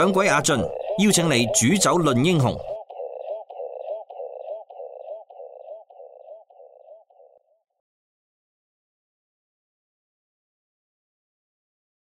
掌櫃阿峻邀請你煮酒論英雄。